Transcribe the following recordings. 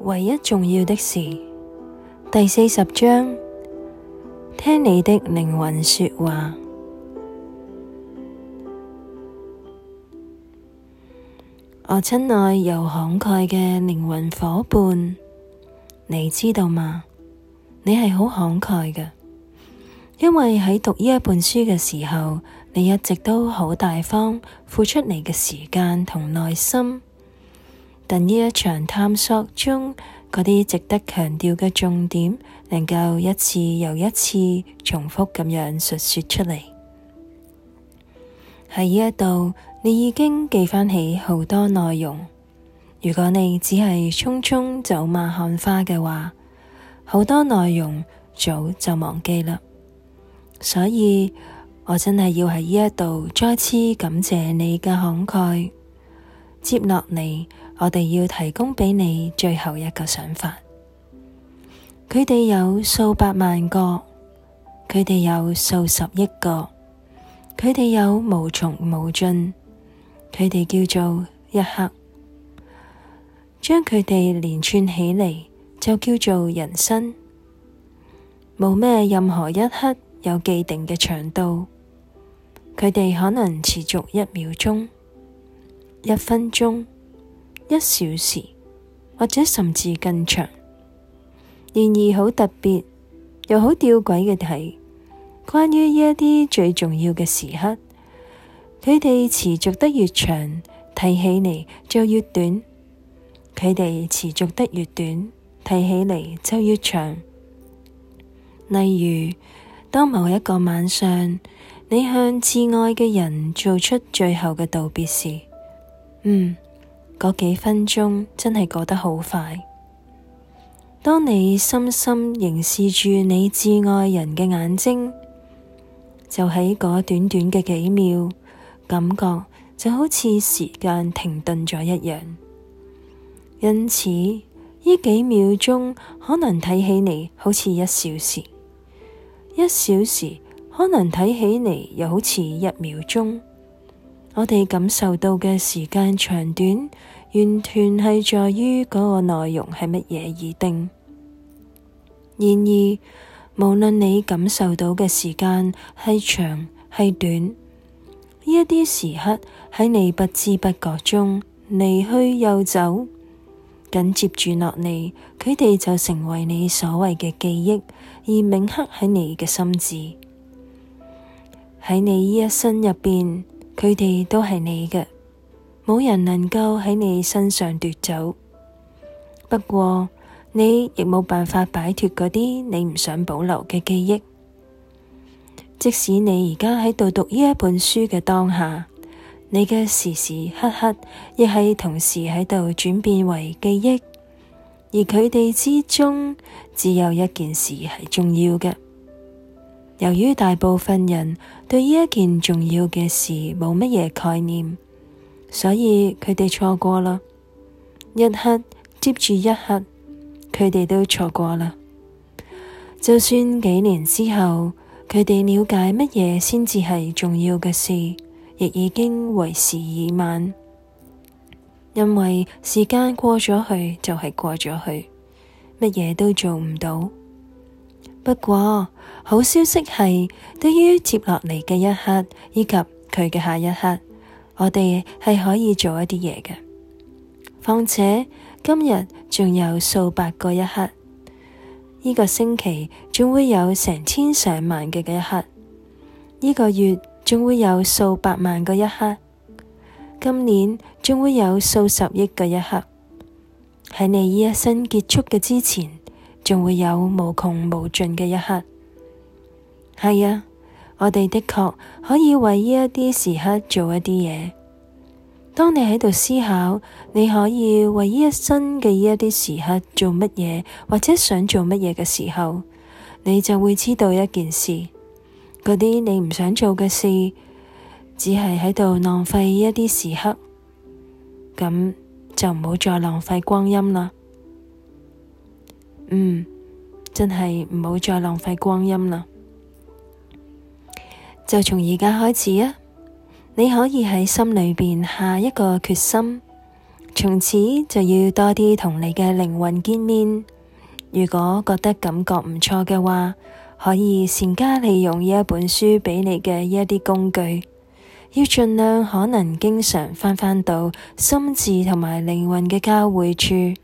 唯一重要的事，第四十章：聽你的靈魂說話。我親愛又慷慨嘅靈魂伙伴，你知道嗎？你係好慷慨嘅，因為喺讀呢一本書嘅時候，你一直都好大方付出嚟嘅時間同耐心。但呢一場探索中嗰啲值得強調嘅重點，能夠一次又一次重複咁樣述說出嚟。喺呢一度，你已經記翻起好多內容。如果你只係匆匆走馬看花嘅話，好多內容早就忘記啦。所以，我真係要喺呢一度再次感謝你嘅慷慨。接落嚟。我哋要提供畀你最後一個想法，佢哋有數百萬個，佢哋有數十億個，佢哋有無從無盡，佢哋叫做一刻，將佢哋連串起嚟就叫做人生。冇咩任何一刻有既定嘅長度，佢哋可能持續一秒鐘、一分鐘。一小時，或者甚至更長。然而，好特別又好吊詭嘅係，關於呢一啲最重要嘅時刻，佢哋持續得越長，睇起嚟就越短；佢哋持續得越短，睇起嚟就越長。例如，當某一個晚上，你向摯愛嘅人做出最後嘅道別時，嗯。嗰幾分鐘真係過得好快。當你深深凝視住你摯愛人嘅眼睛，就喺嗰短短嘅幾秒，感覺就好似時間停頓咗一樣。因此，呢幾秒鐘可能睇起嚟好似一小時，一小時可能睇起嚟又好似一秒鐘。我哋感受到嘅時間長短，完全係在於嗰個內容係乜嘢而定。然而，無論你感受到嘅時間係長係短，呢一啲時刻喺你不知不覺中離去又走，緊接住落嚟，佢哋就成為你所謂嘅記憶，而銘刻喺你嘅心智喺你呢一生入邊。佢哋都係你嘅，冇人能夠喺你身上奪走。不過，你亦冇辦法擺脫嗰啲你唔想保留嘅記憶。即使你而家喺度讀呢一本書嘅當下，你嘅時時刻刻亦係同時喺度轉變為記憶，而佢哋之中只有一件事係重要嘅。由於大部分人對呢一件重要嘅事冇乜嘢概念，所以佢哋錯過啦。一刻接住一刻，佢哋都錯過啦。就算幾年之後，佢哋了解乜嘢先至係重要嘅事，亦已經為時已晚，因為時間過咗去就係過咗去，乜嘢都做唔到。不過，好消息係，對於接落嚟嘅一刻，以及佢嘅下一刻，我哋係可以做一啲嘢嘅。況且今日仲有數百個一刻，呢個星期仲會有成千上萬嘅嘅一刻，呢個月仲會有數百萬個一刻，今年仲會有數十億嘅一刻，喺你依一生結束嘅之前。仲會有無窮無盡嘅一刻，係啊，我哋的確可以為呢一啲時刻做一啲嘢。當你喺度思考，你可以為呢一生嘅呢一啲時刻做乜嘢，或者想做乜嘢嘅時候，你就會知道一件事：嗰啲你唔想做嘅事，只係喺度浪費呢一啲時刻，咁就唔好再浪費光陰啦。嗯，真係唔好再浪費光陰啦！就從而家開始啊！你可以喺心裏邊下一個決心，從此就要多啲同你嘅靈魂見面。如果覺得感覺唔錯嘅話，可以善加利用呢一本書畀你嘅呢一啲工具，要盡量可能經常返返到心智同埋靈魂嘅交匯處。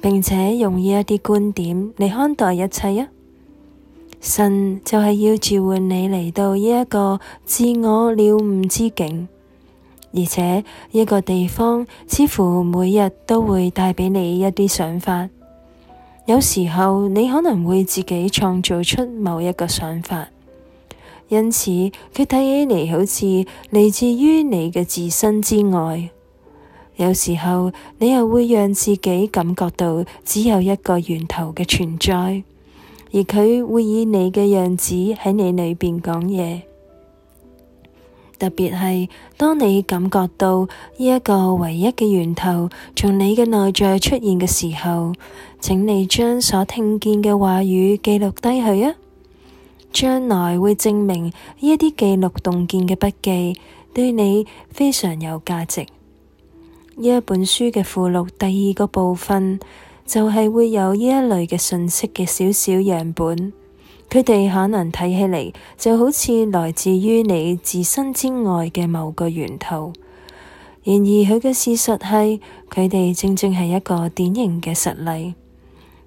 並且用依一啲觀點嚟，看待一切啊！神就係要召喚你嚟到呢一個自我了悟之境，而且呢個地方似乎每日都會帶畀你一啲想法。有時候你可能會自己創造出某一個想法，因此佢睇起嚟好似嚟自於你嘅自身之外。有時候你又會讓自己感覺到只有一個源頭嘅存在，而佢會以你嘅樣子喺你裏邊講嘢。特別係當你感覺到呢一個唯一嘅源頭從你嘅內在出現嘅時候，請你將所聽見嘅話語記錄低佢啊！將來會證明呢一啲記錄洞見嘅筆記對你非常有價值。呢一本書嘅附錄，第二個部分就係會有呢一類嘅信息嘅小小樣本，佢哋可能睇起嚟就好似來自於你自身之外嘅某個源頭，然而佢嘅事實係佢哋正正係一個典型嘅實例，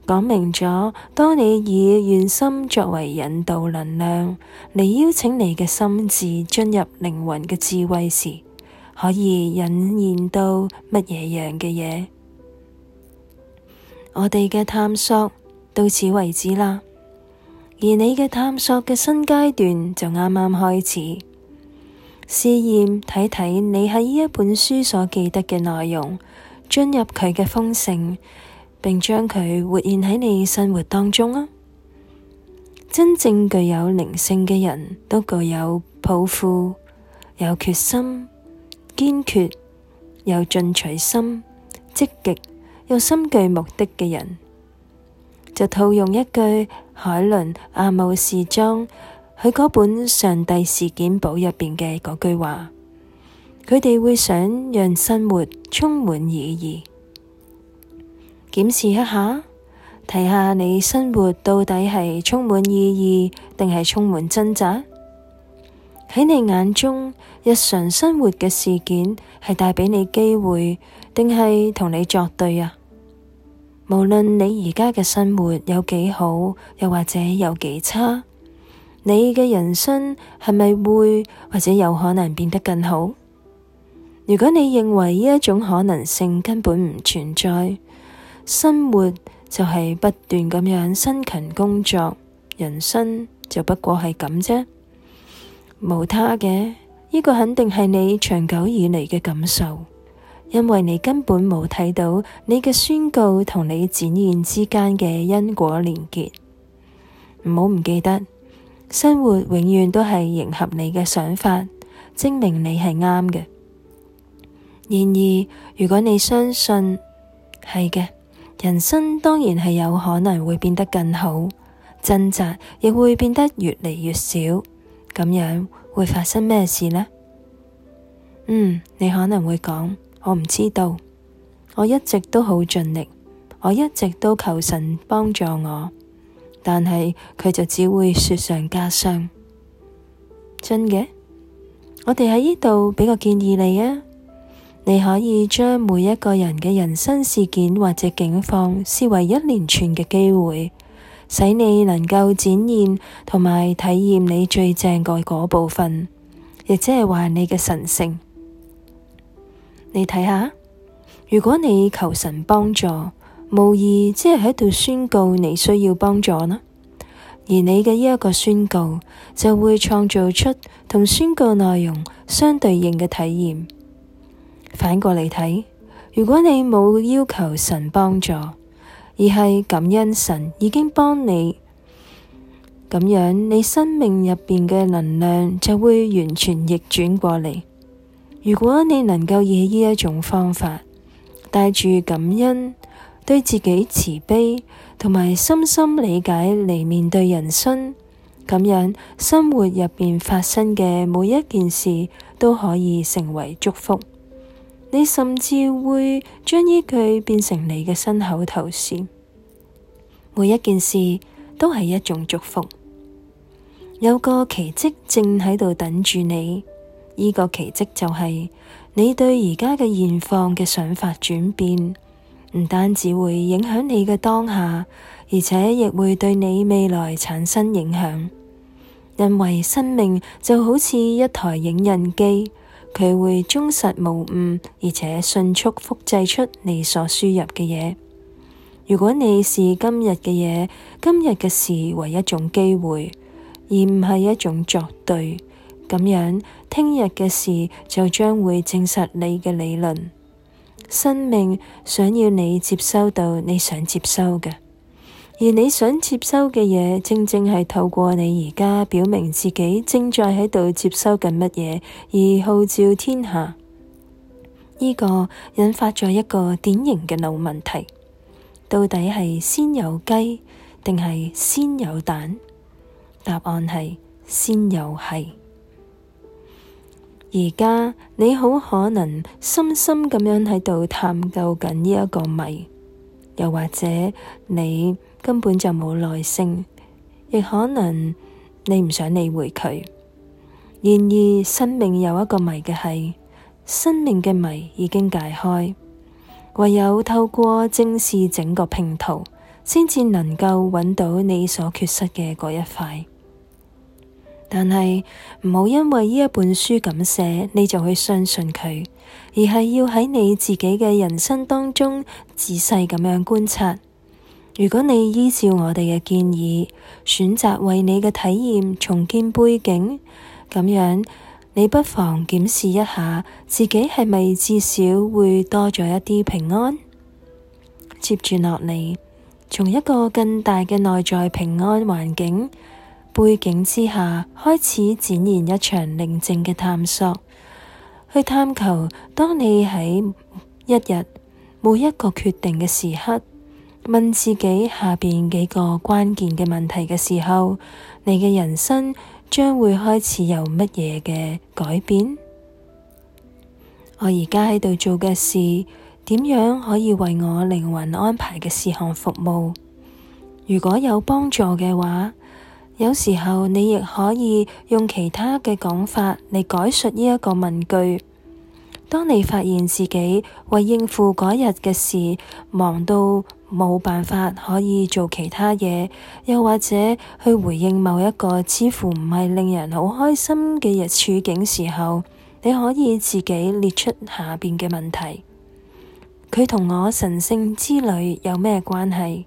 講明咗當你以願心作為引導能量，嚟邀請你嘅心智進入靈魂嘅智慧時。可以引現到乜嘢樣嘅嘢？我哋嘅探索到此為止啦。而你嘅探索嘅新階段就啱啱開始。試驗睇睇你喺呢一本書所記得嘅內容，進入佢嘅豐盛，並將佢活現喺你生活當中啊！真正具有靈性嘅人都具有抱負，有決心。堅決，有進取心，積極又心具目的嘅人，就套用一句海倫阿姆士莊佢嗰本《上帝事件簿》入邊嘅嗰句話：佢哋會想讓生活充滿意義。檢視一下，睇下你生活到底係充滿意義，定係充滿掙扎？喺你眼中，日常生活嘅事件係帶俾你機會，定係同你作對啊？無論你而家嘅生活有幾好，又或者有幾差，你嘅人生係咪會或者有可能變得更好？如果你認為呢一種可能性根本唔存在，生活就係不斷咁樣辛勤工作，人生就不過係咁啫。冇他嘅，呢個肯定係你長久以嚟嘅感受，因為你根本冇睇到你嘅宣告同你展現之間嘅因果連結。唔好唔記得，生活永遠都係迎合你嘅想法，證明你係啱嘅。然而，如果你相信係嘅，人生當然係有可能會變得更好，掙扎亦會變得越嚟越少。咁樣會發生咩事呢？嗯，你可能會講，我唔知道，我一直都好盡力，我一直都求神幫助我，但係佢就只會雪上加霜。真嘅，我哋喺呢度畀個建議你啊，你可以將每一個人嘅人生事件或者境況視為一連串嘅機會。使你能夠展現同埋體驗你最正個嗰部分，亦即係話你嘅神性。你睇下，如果你求神幫助，無疑即係喺度宣告你需要幫助啦。而你嘅呢一個宣告，就會創造出同宣告內容相對應嘅體驗。反過嚟睇，如果你冇要求神幫助，而係感恩神已經幫你，咁樣，你生命入邊嘅能量就會完全逆轉過嚟。如果你能夠以呢一種方法，帶住感恩，對自己慈悲，同埋深深理解嚟面對人生，咁樣生活入邊發生嘅每一件事都可以成為祝福。你甚至會將呢句變成你嘅新口頭禪。每一件事都係一種祝福，有個奇蹟正喺度等住你。呢個奇蹟就係你對而家嘅現況嘅想法轉變，唔單止會影響你嘅當下，而且亦會對你未來產生影響。因為生命就好似一台影印機。佢會忠實無誤，而且迅速複製出你所輸入嘅嘢。如果你視今日嘅嘢、今日嘅事為一種機會，而唔係一種作對，咁樣，聽日嘅事就將會證實你嘅理論。生命想要你接收到你想接收嘅。而你想接收嘅嘢，正正係透過你而家表明自己正在喺度接收緊乜嘢，而號召天下。呢、這個引發咗一個典型嘅老問題：到底係先有雞定係先有蛋？答案係先有係。而家你好可能深深咁樣喺度探究緊呢一個謎，又或者你，根本就冇耐性，亦可能你唔想理會佢。然而，生命有一個謎嘅係，生命嘅謎已經解開，唯有透過正視整個拼圖，先至能夠揾到你所缺失嘅嗰一塊。但係唔好因為呢一本書咁寫，你就去相信佢，而係要喺你自己嘅人生當中仔細咁樣觀察。如果你依照我哋嘅建議，選擇為你嘅體驗重建背景，咁樣你不妨檢視一下自己係咪至少會多咗一啲平安。接住落嚟，從一個更大嘅內在平安環境背景之下，開始展現一場寧靜嘅探索，去探求當你喺一日每一個決定嘅時刻。問自己下邊幾個關鍵嘅問題嘅時候，你嘅人生將會開始有乜嘢嘅改變？我而家喺度做嘅事，點樣可以為我靈魂安排嘅事項服務？如果有幫助嘅話，有時候你亦可以用其他嘅講法嚟改述呢一個問句。當你發現自己為應付嗰日嘅事忙到，冇辦法可以做其他嘢，又或者去回應某一個似乎唔係令人好開心嘅日處境時候，你可以自己列出下邊嘅問題：佢同我神聖之旅有咩關係？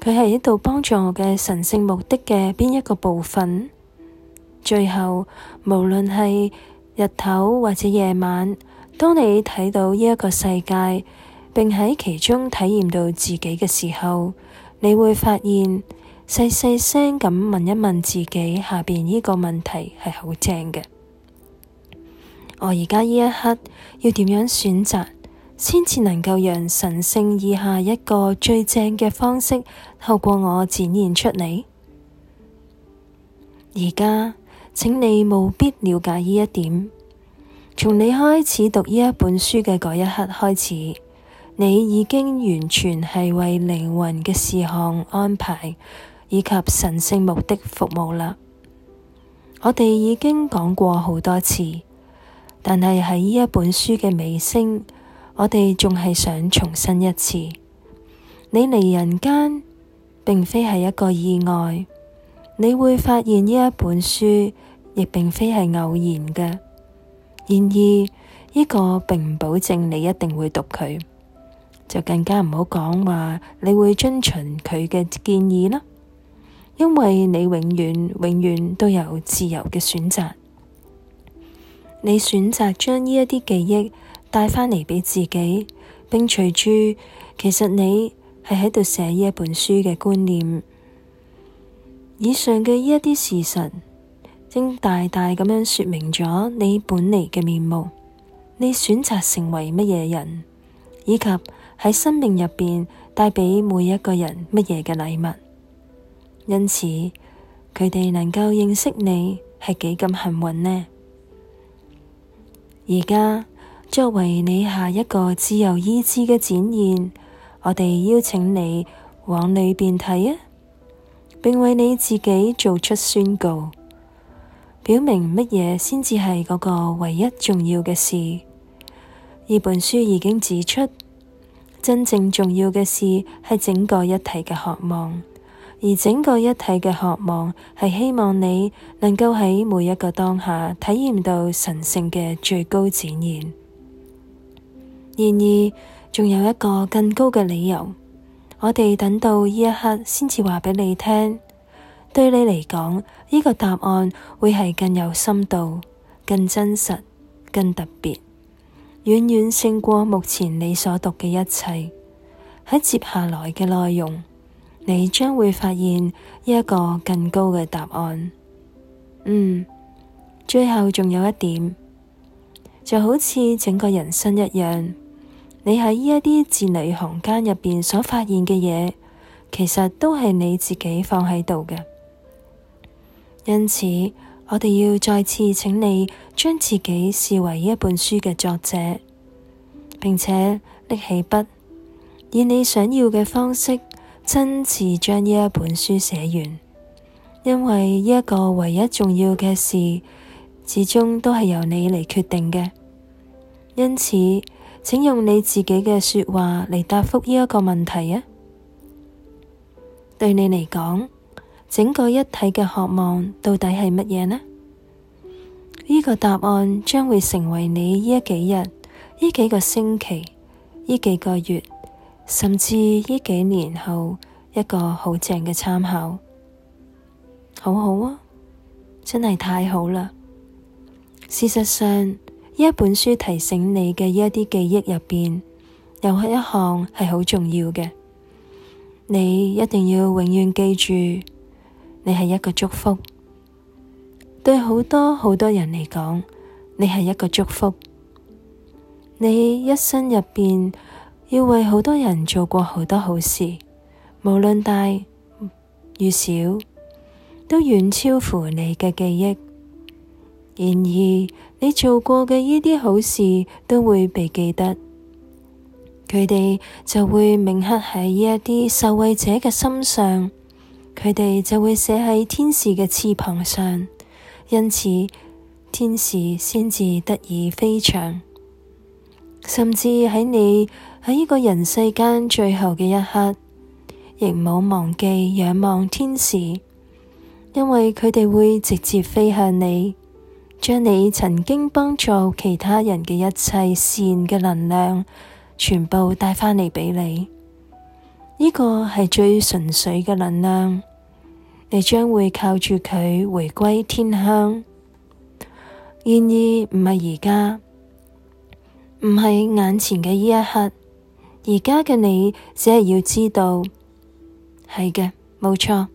佢係喺度幫助我嘅神聖目的嘅邊一個部分？最後，無論係日頭或者夜晚，當你睇到呢一個世界。並喺其中體驗到自己嘅時候，你會發現細細聲咁問一問自己，下邊呢個問題係好正嘅。我而家呢一刻要點樣選擇，先至能夠讓神聖以下一個最正嘅方式透過我展現出嚟。而家，請你務必了解呢一點，從你開始讀呢一本書嘅嗰一刻開始。你已經完全係為靈魂嘅事項安排以及神聖目的服務啦。我哋已經講過好多次，但係喺呢一本書嘅尾聲，我哋仲係想重申一次。你嚟人間並非係一個意外，你會發現呢一本書亦並非係偶然嘅。然而，呢、這個並唔保證你一定會讀佢。就更加唔好講話你會遵循佢嘅建議啦，因為你永遠永遠都有自由嘅選擇。你選擇將呢一啲記憶帶翻嚟畀自己，並隨住其實你係喺度寫呢一本書嘅觀念。以上嘅呢一啲事實，正大大咁樣說明咗你本嚟嘅面目。你選擇成為乜嘢人，以及。喺生命入邊帶畀每一個人乜嘢嘅禮物，因此佢哋能夠認識你係幾咁幸運呢？而家作為你下一個自由意志嘅展現，我哋邀請你往裏邊睇啊，並為你自己做出宣告，表明乜嘢先至係嗰個唯一重要嘅事。呢本書已經指出，真正重要嘅事係整個一體嘅渴望，而整個一體嘅渴望係希望你能夠喺每一個當下體驗到神聖嘅最高展現。然而，仲有一個更高嘅理由，我哋等到呢一刻先至話俾你聽，對你嚟講，呢個答案會係更有深度、更真實、更特別。遠遠勝過目前你所讀嘅一切。喺接下來嘅內容，你將會發現一個更高嘅答案。嗯，最後仲有一點，就好似整個人生一樣，你喺呢一啲字裏行間入邊所發現嘅嘢，其實都係你自己放喺度嘅。因此。我哋要再次請你將自己視為一本書嘅作者，並且拎起筆，以你想要嘅方式，親自將呢一本書寫完。因為呢一個唯一重要嘅事，始終都係由你嚟決定嘅。因此，請用你自己嘅說話嚟答覆呢一個問題啊！對你嚟講。整個一體嘅渴望到底係乜嘢呢？呢個答案將會成為你呢幾日、呢幾個星期、呢幾個月，甚至呢幾年後一個好正嘅參考。好好啊，真係太好啦！事實上，呢一本書提醒你嘅呢一啲記憶入邊，有係一項係好重要嘅，你一定要永遠記住。你係一個祝福，對好多好多人嚟講，你係一個祝福。你一生入邊要為好多人做過好多好事，無論大與小，都遠超乎你嘅記憶。然而，你做過嘅呢啲好事都會被記得，佢哋就會銘刻喺呢一啲受惠者嘅心上。佢哋就會寫喺天使嘅翅膀上，因此天使先至得以飛翔。甚至喺你喺呢個人世間最後嘅一刻，亦冇忘記仰望天使，因為佢哋會直接飛向你，將你曾經幫助其他人嘅一切善嘅能量，全部帶返嚟畀你。呢個係最純粹嘅能量，你將會靠住佢回歸天鄉。然而唔係而家，唔係眼前嘅呢一刻，而家嘅你只係要知道，係嘅，冇錯，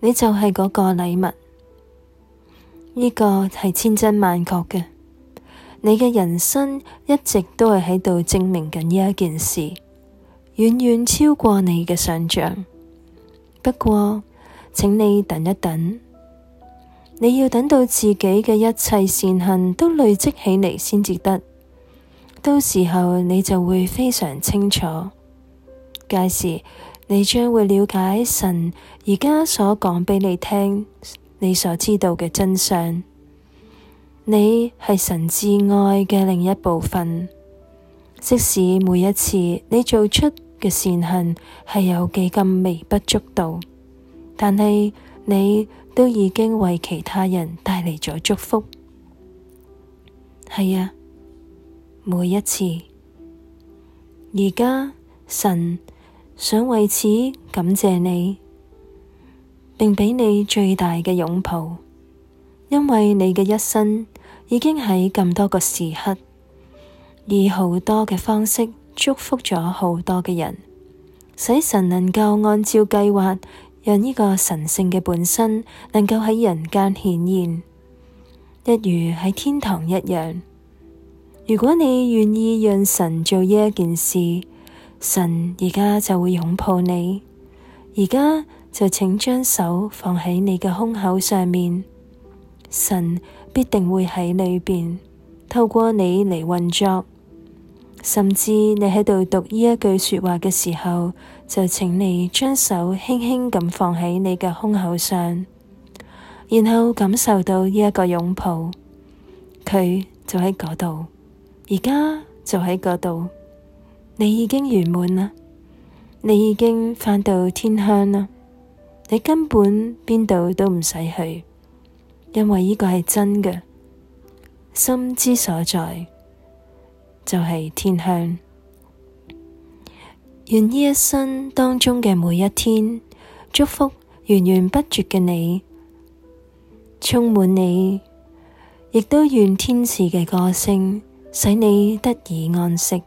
你就係嗰個禮物。呢個係千真萬確嘅，你嘅人生一直都係喺度證明緊呢一件事。遠遠超過你嘅想象。不過，請你等一等，你要等到自己嘅一切善行都累積起嚟先至得。到時候你就會非常清楚，屆時你將會了解神而家所講俾你聽，你所知道嘅真相。你係神至愛嘅另一部分，即使每一次你做出。嘅善行係有幾咁微不足道，但係你都已經為其他人帶嚟咗祝福，係啊，每一次。而家神想為此感謝你，並畀你最大嘅擁抱，因為你嘅一生已經喺咁多個時刻，以好多嘅方式。祝福咗好多嘅人，使神能夠按照計劃，讓呢個神聖嘅本身能夠喺人間顯現，一如喺天堂一樣。如果你願意讓神做呢一件事，神而家就會擁抱你，而家就請將手放喺你嘅胸口上面，神必定會喺裏邊透過你嚟運作。甚至你喺度讀呢一句說話嘅時候，就請你將手輕輕咁放喺你嘅胸口上，然後感受到呢一個擁抱，佢就喺嗰度，而家就喺嗰度，你已經圓滿啦，你已經返到天鄉啦，你根本邊度都唔使去，因為呢個係真嘅，心之所在。就係天香，願呢一生當中嘅每一天，祝福源源不絕嘅你，充滿你，亦都願天賜嘅歌聲，使你得以安息。